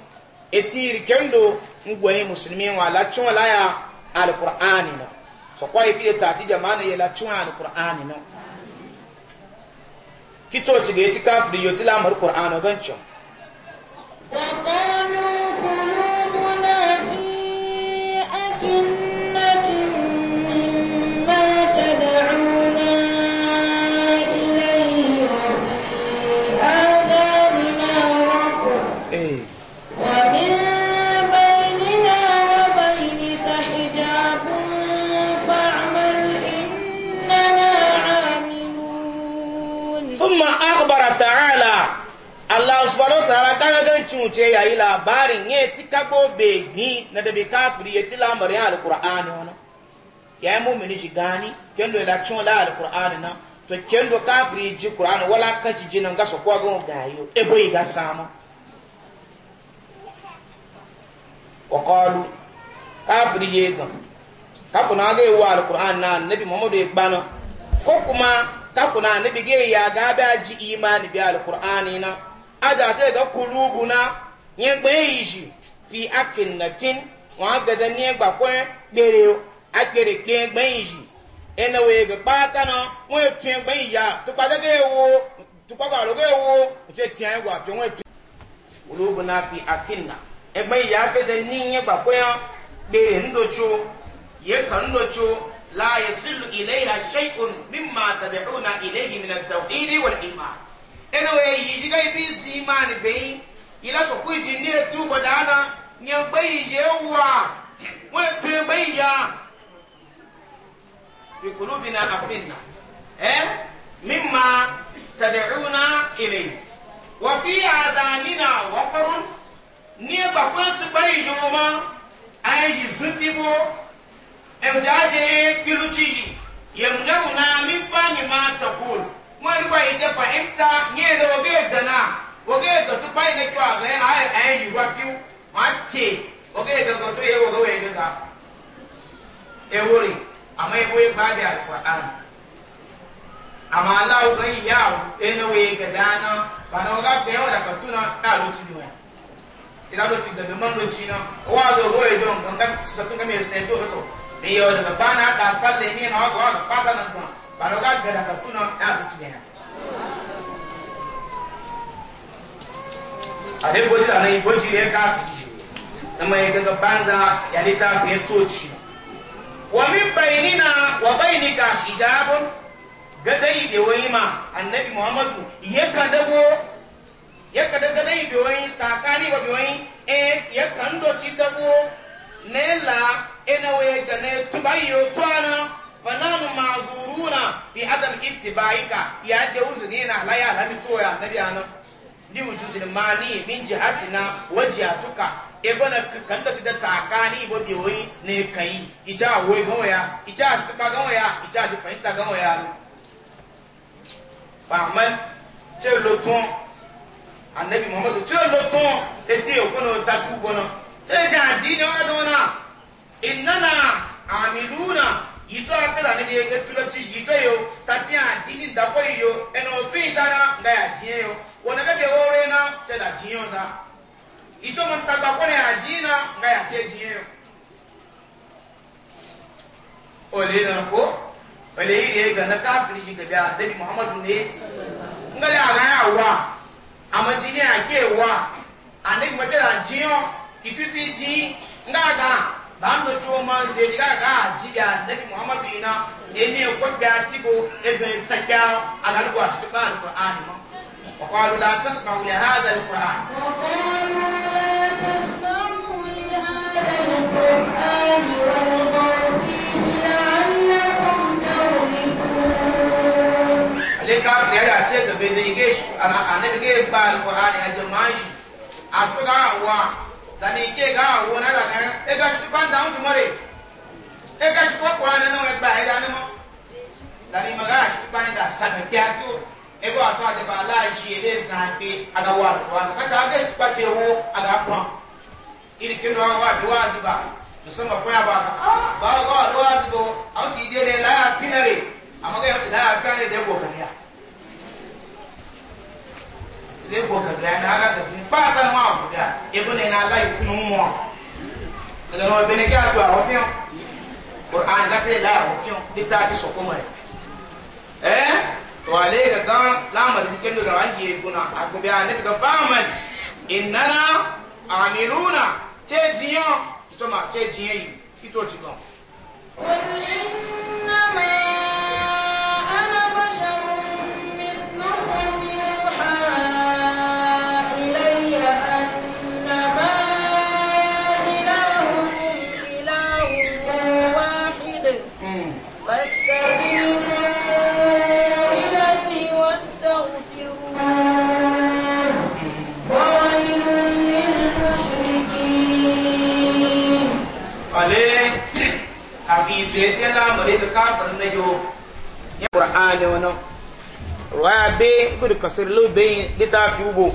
eti irikendo ngwaye musulmi wa la tun wala ya alqur'ani na so kwa ifi ta ti jama'a ya la tun alqur'ani na kito ci ga eti kafiri yo tilamar qur'ani gancho وقالوا cin wuce yayi labarin ya ti kago bebi na debi bai kafiri ya ti lamarin alkur'ani wani ya emu mummuni shi gani kendo da cin wala alkur'ani na to kendo kafiri ji kur'ani wala kaci jinan gasa kuwa gan gayo ebo yi ga samu wakọlu kafiri ya gan kakuna ga ewu alkur'ani na annabi muhammadu ya gbana ko kuma kakuna annabi ga ya ga ji imani bi alkur'ani na adate ga kulubuna yegbe yiji fi akin natin wọn gada ni egba kwe kpere akpere kpe egbe yiji ena wee ga kpata na wọn etu egbe a tukpata ga ewo tukpata alo ga ewo nse tia egwa fi wọn etu kulubuna na e ni kwe ya kpere ndocho ye ka ndocho la yasilu shay'un mimma tad'una ilayhi min at wal anyway yiji ga ibi di imani beyin ila so ku ji ni etu bodana ni gbe ije wa won etu gbe iya fi qulubina afinna eh mimma tad'una ilayhi wa fi adanina waqrun ni ba ko tu gbe ije mo ayi zundibo em jaje kiluchi yamnauna min fami ma taqul mun e, e, e ba ita fahimta nye da oge gana oge ga su bai na kyau a ga yana ayi ayi yuwa fiu mace oge ga ga to yawo ga waye ga e wuri amma e boye ba da alquran amma Allah yi yawo e na waye ga dana ba na ga ga yawo da katuna da lokaci ne ila lokaci da man na wa ga waye don kan sa tun ga me yi to to ne yawo da na da salle ne na ga ga pata na don balo ga gada ka tuna ya bi tuna ya a dai goji a nan goji ne ka na mai gaga banza ya lita ya toci wa min bainina wa bainika hijabun gadai da wani ma annabi muhammadu ya ka ya ka da gadai da wani takani wa bi wani eh ya kan doci dabo ne la ina waye ga ne tubayo tuana fananu ma'zuruna fi adam ittiba'ika ya da uzuri na la ya lami toya nabi anan li wujudil mani min jihatina wa jihatuka e bona kan da tida tsakani bo bi ne kai ija hoyi gawa ya ija suka gawa ya ija di fahimta gawa ya ba annabi muhammadu ne yitɔ apela ne de etulɔ tsi yitɔ yio tati a didi dakɔ yi yio ɛnɛ otu yi na tɛ da tiɲɛ yio ta yitɔ mo tagba kɔnɛ ya dzi na nga ya tɛ tiɲɛ yio ɔle nana ko ɔle yi de gana kafiri yi gɛbi a debi muhammadu ne nga le ala ya wa amadi ne ya ke wa ane mo tɛ da bando coma zeriga ga jiga nabi muhammadu ina ene ko ga tibo e ben sakya agal ko asu ba alquran ma wa qalu la tasma'u li hadha alquran wa qalu la tasma'u li hadha alquran wa leka ya ya ce da bai zai ge shi ana tani ike ga awo na ga kan e ga shi ban da untu more e ga shi ko kwa na no e gba e da ni mo tani ma ga shi ban da sa ka pia tu e bo ato ade ba la shi ele sa pe aga wa wa ka ta ga shi pa che ho aga kwa iri ke no wa do wa ziba to sama kwa ba ka ah, ba ga wa do wa zibo au ti de la pinare amaga la pinare de go kan ya zai goka da na ga da ba ta ma ku da ibn na lai kun mu da no bene ka to a wofin qur'an da sai la wofin litafi so kuma eh to ale ga ga lamar cikin da zan yi kuna a ku biya ne ga faman innana amiluna ce jiyo to ma ce jiyo yi ito ci don tete na mare da kafin na yo ya qur'ani wannan ruwaya be gudu kasir lu be lita fi ubo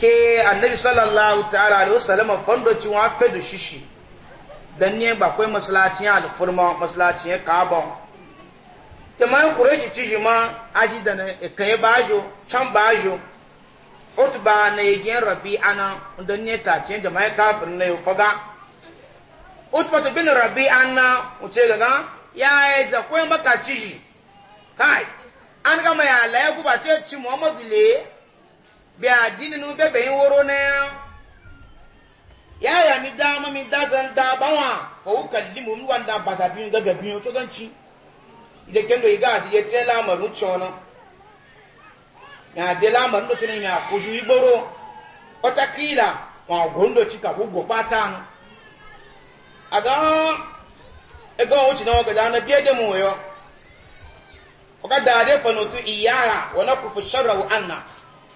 ke annabi sallallahu ta'ala alaihi wasallam fondo ci wa fe du shishi dan ne ba kai masalacin alfurma masalacin kaaba te mai quraishi ci jima aji da ne kai bajo o bajo utba na yegin rabi ana dan ne ta ce jama'a kafin na yo faga utbatu bin rabi anna uce gaga ya yi zakwai makaci shi kai an gama ya laye guba ce ci muhammadu le bi addini nu bebe yin woro ne ya ya mi da ma mi da zan da bawa ko u kalli mu wan da basa bin gaga bin to ganci ide kendo iga ti ye tela maru chono ya de la maru to ne ya ko ju igboro o takila wa gondo chika go go patanu a aga ego wuce na waga na bie da mu yo waga da de fanotu iyaya wana kufu sharra wa anna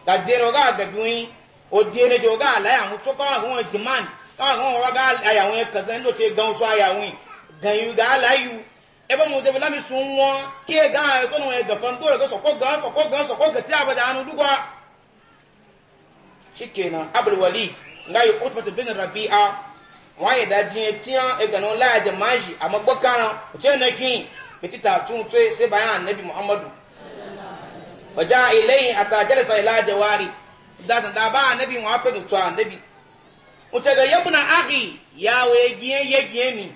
da de roga ga biwi o de ne jo ga la ya mu choka wa gon jiman ka gon wa ga ya won ka zan do te gan so ya won gan yu ga la yu e ba mu de bla mi sun won ke ga e so no e ga fan do ga so ko ga so ko ga so ko ga ti abada anu dugwa shikenan abul walid ngai utbatu bin rabi'a wọn yẹ dajì yẹn tiẹn egana wọn láyà jẹ máa yìí àmọ gbọ kárán òtún yẹn nàkín mẹtìtà tún tó ṣe muhammadu ọjà ìlẹyìn àtàjẹrẹsà ìlàjẹ wárì dàbà ànábì wọn apẹ tuntun ànábì ntẹgẹ yẹbùnà áhì yàwó egiyẹn yẹgiyẹn mi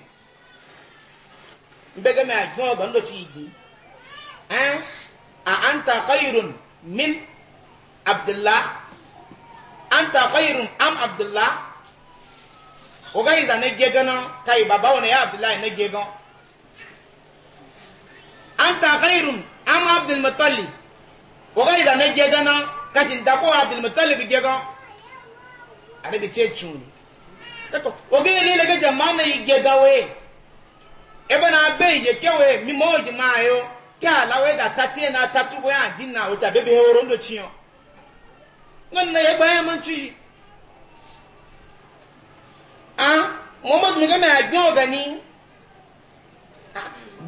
nbẹgẹ mi àjùmọ ọgbà ńdọtí igi ẹn àǹtà min abdullah àǹtà kọyìrún am abdullah. o ga iza ne gegan na kai baba wani ya abdullahi ne gegan anta ghairun am abdul muttalib o ga iza ne gegan na kashin da ko abdul muttalib bi are bi ce chuni to o ga ile le jama na ige gegan ebe na abe ije kewe mi mo ji ma yo ka la we da tatie na tatu we adina o ta bebe horo e ndo chiyo ngonna ye gba ya e manchi Ah, a muhammad mi gana ya gbin ogani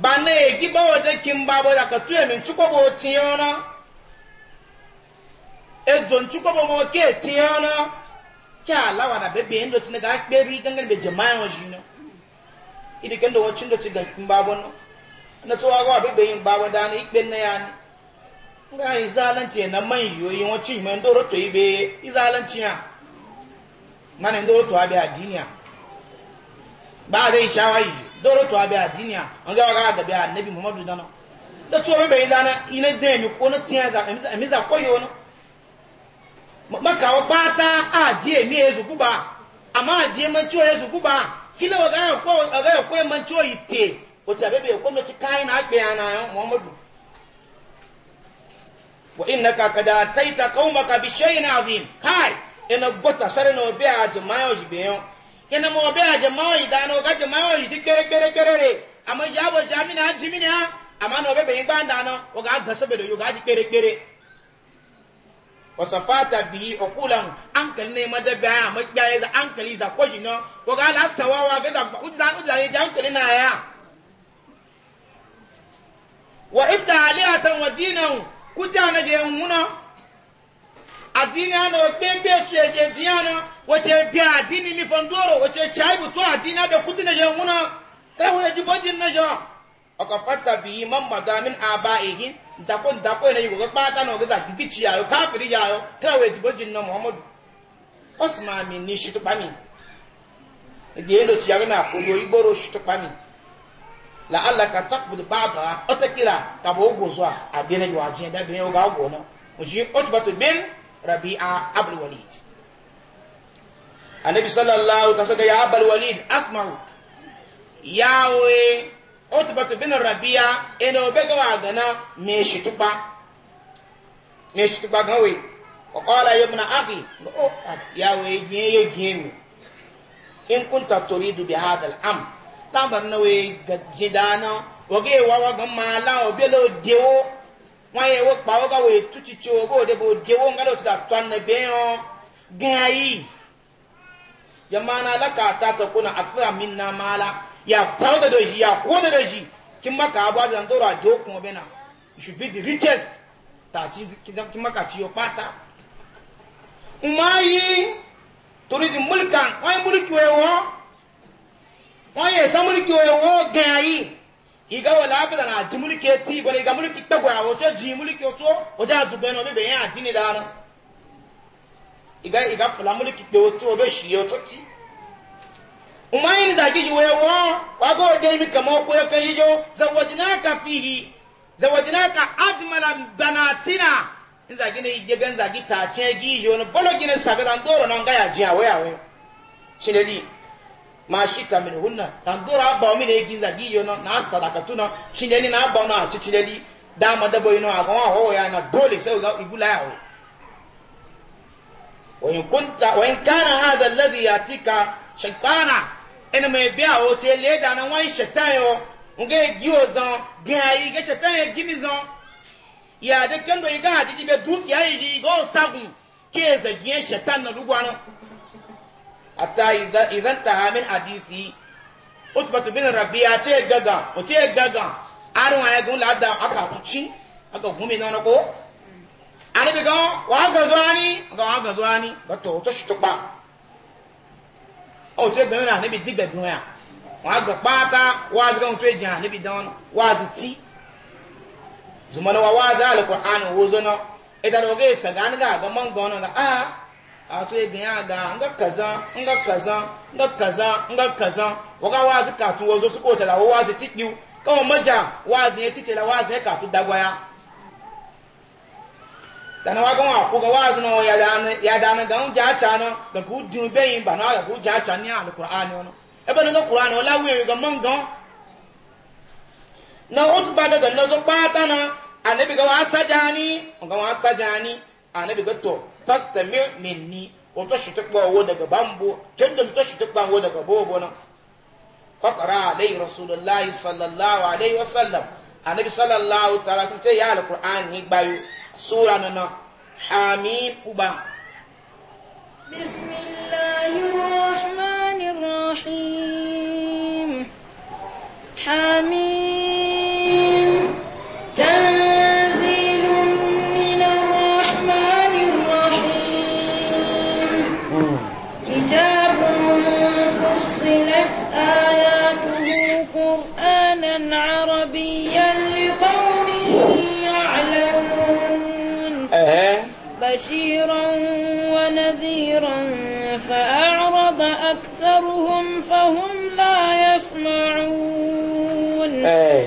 ba na egi ba wata kin ba ba da ka tuya min ci kwabo tiyo na ezo ci kwabo mo ke tiyo na ki alawa na bebe yin doci na ga akperi gangan be jama'a wa shi na idi kan da wacin doci ga kin ba ba na na tuwa ga bebe yin ba ba da na ikpe na ya ni nga izalanci na man yoyin wacin mai ndoro to ibe izalanci ya ngana ndoro to abi adini ya ba dai shawayi doro to abia adiniya onge ga ga da bi muhammadu dana da to be bai dana ina da mi ko na tiya za mi za ko maka ah, wa bata a je mi yezu kuba amma je man ciwo kuba kila wa ga ko ga ko man ite o ta ko no kai na agbe ana muhammadu wa innaka ataita qaumaka bi yana mo be a jama'a yi dano ga jama'a yi ti kere kere kere re amma ya bo ja mi na ji mi na ama no be be yin gba dano o ga ga so do yo ga di kere kere wa safata bi uqulan ankal ne ma da ba ma ba ya ankali iza ko jino ko ga la sawawa ga za ku za ku za ne ankali na ya wa ibda aliyatan wa dinan ku ta na je mun addini ana wakpekpe tu eje jiana wace biya addini mi fandoro wace chaibu to addini abe kuti na jenguna tahu eji bojin na jo aka fata bi man madamin abaihi dako dako ne yugo pata no gaza gigici yayo kafiri yayo tahu eji bojin na muhammadu osma mi ni shitu pami de ndo ya yaga na kodo igboro shitu pami la allaka taqbud ba'da otakira kabo gozo addini yo ajin da be yo ga gona oji otbatu bin rabi'a abul walid annabi sallallahu ta saka ya abul walid asma'u yawe utbatu bin rabi'a ina obega wa gana me shituba me shituba gawe wa qala ya ibn akhi o oh, yawe ye ye mi in kunta turidu bi hadha al-am tambar nawe gajidana wage wawa gamma la obelo dewo wọn yẹ wo kpawo ka wo etu tsitsi wo ko de bo de wo nga de o ti da tɔ ne bɛn yɔ gɛn ayi yamana ala k'a ta ko na a fɛ na ma la ya kpawo de do zi ya ko de do zi kima k'a bɔ a zan toro a do kun bɛ na you should be the richest ta ti kima ka ti yɔ pata uma yi tori di muli kan wọn ye muli kiwɛ wɔ wọn ye samuli kiwɛ wɔ ayi. Ị iga wala abada na ji mulki eti bala iga mulki tagwa wato ji mulki wato wajen azugbe na obi bayan adini da ana iga iga fula mulki pe wato obe shi wato ti umma yin zagi shi waya wa wago dai mi kama ko ya kai jo zawajnaka fihi zawajnaka ajmala banatina in zagi na. ije gan zagi ta ce gi jo na bolo gine na dan doro nan ga ya ji awe awe chineli ma shi ta mini hunna ta dora abba omi na egi no na na abba no achichileli dama ho ya na dole sai ga igula ya ho wa in kunta wa in kana hadha alladhi yatika shaytana ina mai biya o te leda na wan shaytan yo nge giyo zan biya yi ga shaytan ya gimi zan ya de iga yi go sagun ke zagiyen shaytan na lugwano hatta izan ta min hadisi utbatu bin rabi'a ce gaga o ce gaga arun ayi gun lada aka tuci aka gumi na ko ani bi gan wa ga zo ani ga wa ga zo ani ba to to shi to pa o ce gan na ni bi diga dun ya wa ga pata wa ga un to ejan ni bi dan wa zu ti zumana wa wa za alquran wo zo na idan e o e ga sagan ga ga man gon na a ato ye ganya ga nga kaza nga kaza nga kaza nga kaza waka wazi katu wozo wo wazi kawo maja wazi ye titela wazi katu dagwaya dana waga wa ko wazi no ya ya dana ga beyin acha ni na ga anabi ga to fastami minni o to shi tukpa wo daga bambo tunda to shi tukpa wo daga bobo na faqara alai rasulullahi sallallahu alaihi wasallam anabi sallallahu ta'ala tun ce ya alquran ni gbayo sura na na hamim uba bismillahir rahmanir rahim hamim عربيا لقوم يعلمون أه. بشيرا ونذيرا فأعرض أكثرهم فهم لا يسمعون أه.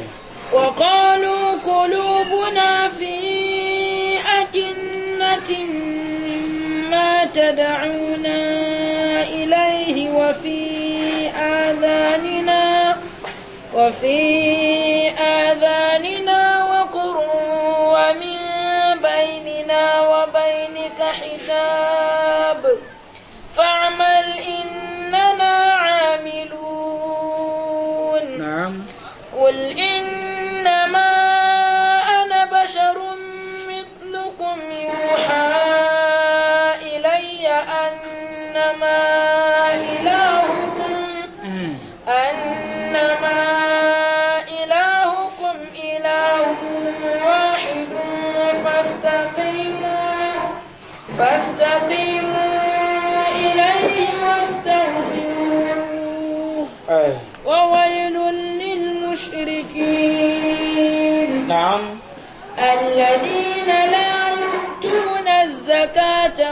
وقالوا قلوبنا في أكنة مما تدعونا إليه وفي آذاننا وفي آذاننا وقر ومن بيننا وبينك حجاب فاعمل إننا عاملون وأقيموا إليه واستغفروه وويل للمشركين نعم الذين لا يؤتون الزكاة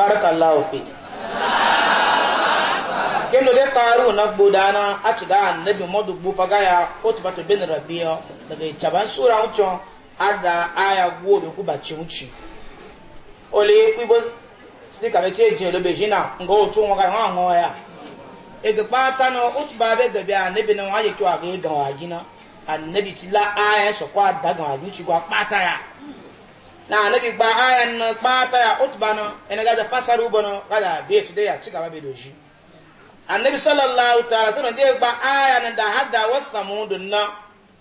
barakallahu fi kendo de karu na gbodana atuga annabi modu bufaga ya otubatu bin rabiyo daga chaban sura ucho ada aya gwo be ku bachi uchi ole kwibo sika be teje lo be jina ngo otu won ga wan ho ya ege pata no otuba be gabe annabi na waye ki wa ga ga wa jina annabi ti la aya so kwa daga wa uchi kwa pata ya na anabi gba aya na kpata ya utba na ina gada fasara ubo na gada be su dai ya ci gaba bai doji annabi sallallahu ta'ala sallam dai gba ayan da hadda wa samud na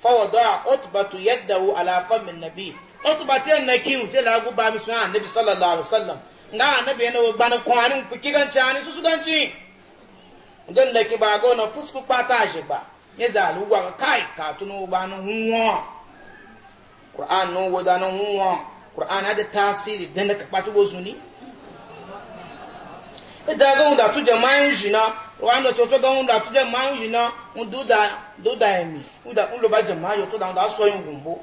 fawada utbatu yadahu ala famin nabi utba ce na kiwu ce lagu gu ba mi sun annabi sallallahu alaihi wasallam na annabi ne gba na kwani pikigan chani su su ganci dan da ki ba go na fusku kpata shi ba ya zalu gwa kai ka tunu ba na huwa Qur'an no wada na huwa qur'an da tasiri dana da ga unda tu jama'in ga tu jama'in da ba jama'a to da so yin gumbo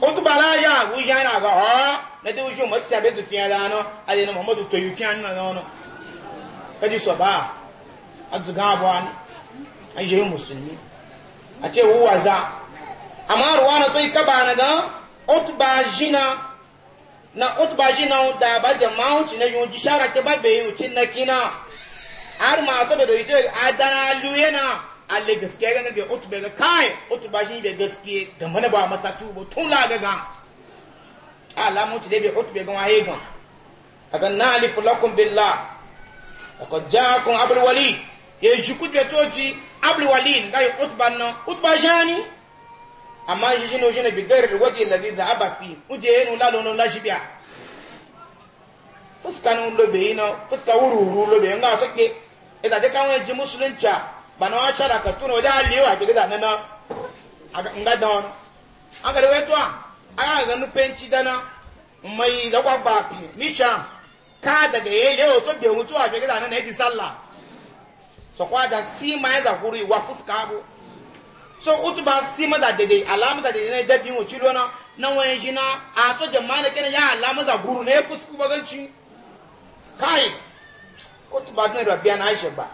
na ga ha na de wujo mo ti abe tu fiya da no muhammadu to na no no kaji so ba musulmi a ce wuwa za amma ruwa na to yi kaba na ga otu ba na utba shi na da ba jama'un ci na yun ji shara ke ba bai yi na kina har ma ta bedo ite adana luye na alle gaskiya ga ne da utba ga kai utba shi da gaskiya da mana ba mata tubo tun la ga ga alamu ci da bai utba ga wahe ga aka na alif lakum billah aka ja'akum abul wali ye shi kudbe toci abul wali ga utba na utba shani amma shi shine shine bi gairi waje zai dhaba fi uje yenu la lono la shibia fuska nun lo be ina fuska wururu lo be nga to ke ida je kan ji muslim cha bana wa shara ka tuno da liwa ke da nana aga nga da wono aga we to aga ga nu penchi dana mai da kwa ba pi nisha ka daga yele o to be mutu a ke na nana di sallah so kwa da si ma da kuri wa fuska abu so utu ba si maza dede alamu dede ne dabi mu na na wani na a to jama'a ne kene ya alamu guru ne fusku baganci kai utu ba dun rabbiya na aisha ba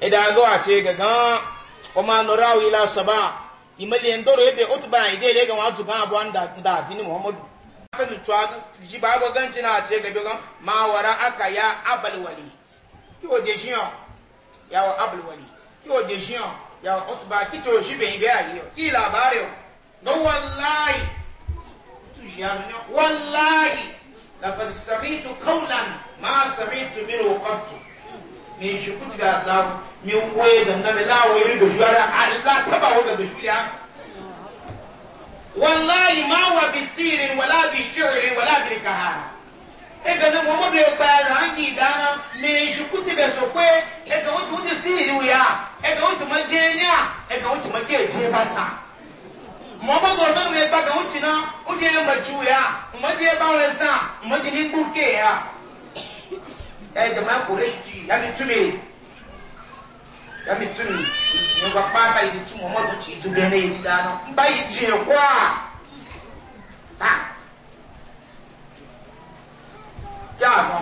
idan a wace ga ga kuma ila saba imali ndoro ebe utu ba ide le eh, eh, ga watu ba anda da dini muhammadu ji ba ga na ce ga bi ga ma ya abal يا عتبة كتو جبين بها إلى باريو نو والله تجيارني والله لقد سمعت قولا ما سمعت منه قط من شكوت قال لهم من ويد من لا ويريد جوارا على لا تبا ويد والله ما هو بسير ولا بشعر ولا بالكهانه ega ne ngomo de baara anji dana ne shukuti be sokwe ega wotu wotu siri uya ega wotu majenya ega wotu mageje basa mɔmɔ bɔ mɛ mɛ gbàgbɛ ŋutsu na ŋutsu yɛ mɛtsu ya mɛdi yɛ bawo yɛ san mɛdi ni ŋku ke <coughs> ya ɛ jama kore si yami tumi yami tumi nyɔnua kpata yi tu mɔmɔ bɔ tsi du gɛ ne yi di da na nba yi dzi kɔa sa. ya no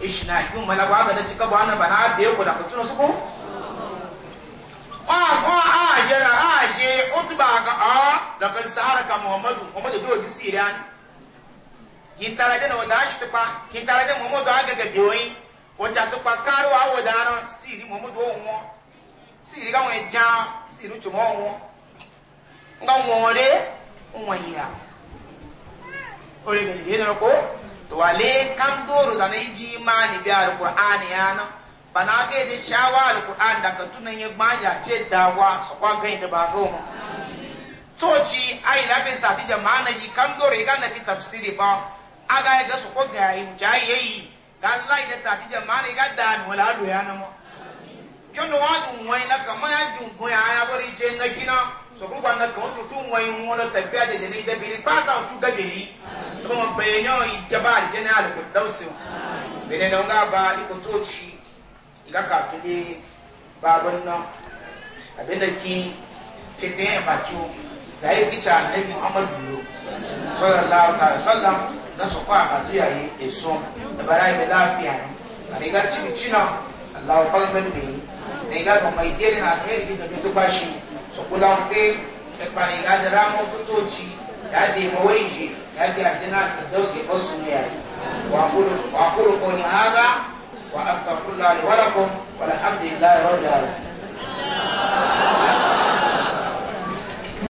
yi yun mala wa ga da cika ba na bana be ko da kutuno su ko a ko a jira a je utba ga a da kan sahara ka muhammadu muhammadu do ji siriyan kin tara da da shi ta pa kin tara muhammadu a ga biyoyi o ta to pa karo a wo da ran siri muhammadu o won siri ga won ja siri tu mo won nga won re ya ore ga ni de ko to wale kan doro zane iji imani bi ya na. bana ga yi shawa alqur'an da ka tunan ya gbanya ce dawa su kwa da ba to toci ai na bin tafi jama'a yi kan doro ya gana bi tafsiri ba aga ga su kwa gari mu ja ga lai ya tafi jama'a ga da ni wala do yana mu kyondo wa dun wai na kamar ya jungo ya ya bari je na gina sɔkulu kɔni na kɛmɛ tutu ŋɔnyi ŋɔnɔ tɛgbɛ a jɛjɛ ni dɛbiri kpaata tu gɛbɛ yi sɔkulu ma bɛyɛ nyɔɔ yi jaba ali jɛnɛ ali ko da sew ba i ko t'o ci ka k'a kele baaba a na kin tɛtɛ yɛ ba tso la yi ki ca ne muhammadu lo sɔlɔlɔ ta sɔlɔm na sɔkɔ a ka to yi ye esɔn dabara yi laafiya ni ani i cina ci ci na alawo kɔlɔn bɛ nin ma na na sokola mpe ekpani ga dara mo kutoci ya de mawaiji ya de arjina da dausi basu ne yayi wa aqulu qawli hadha wa astaghfirullah li wa lakum walhamdulillahi rabbil alamin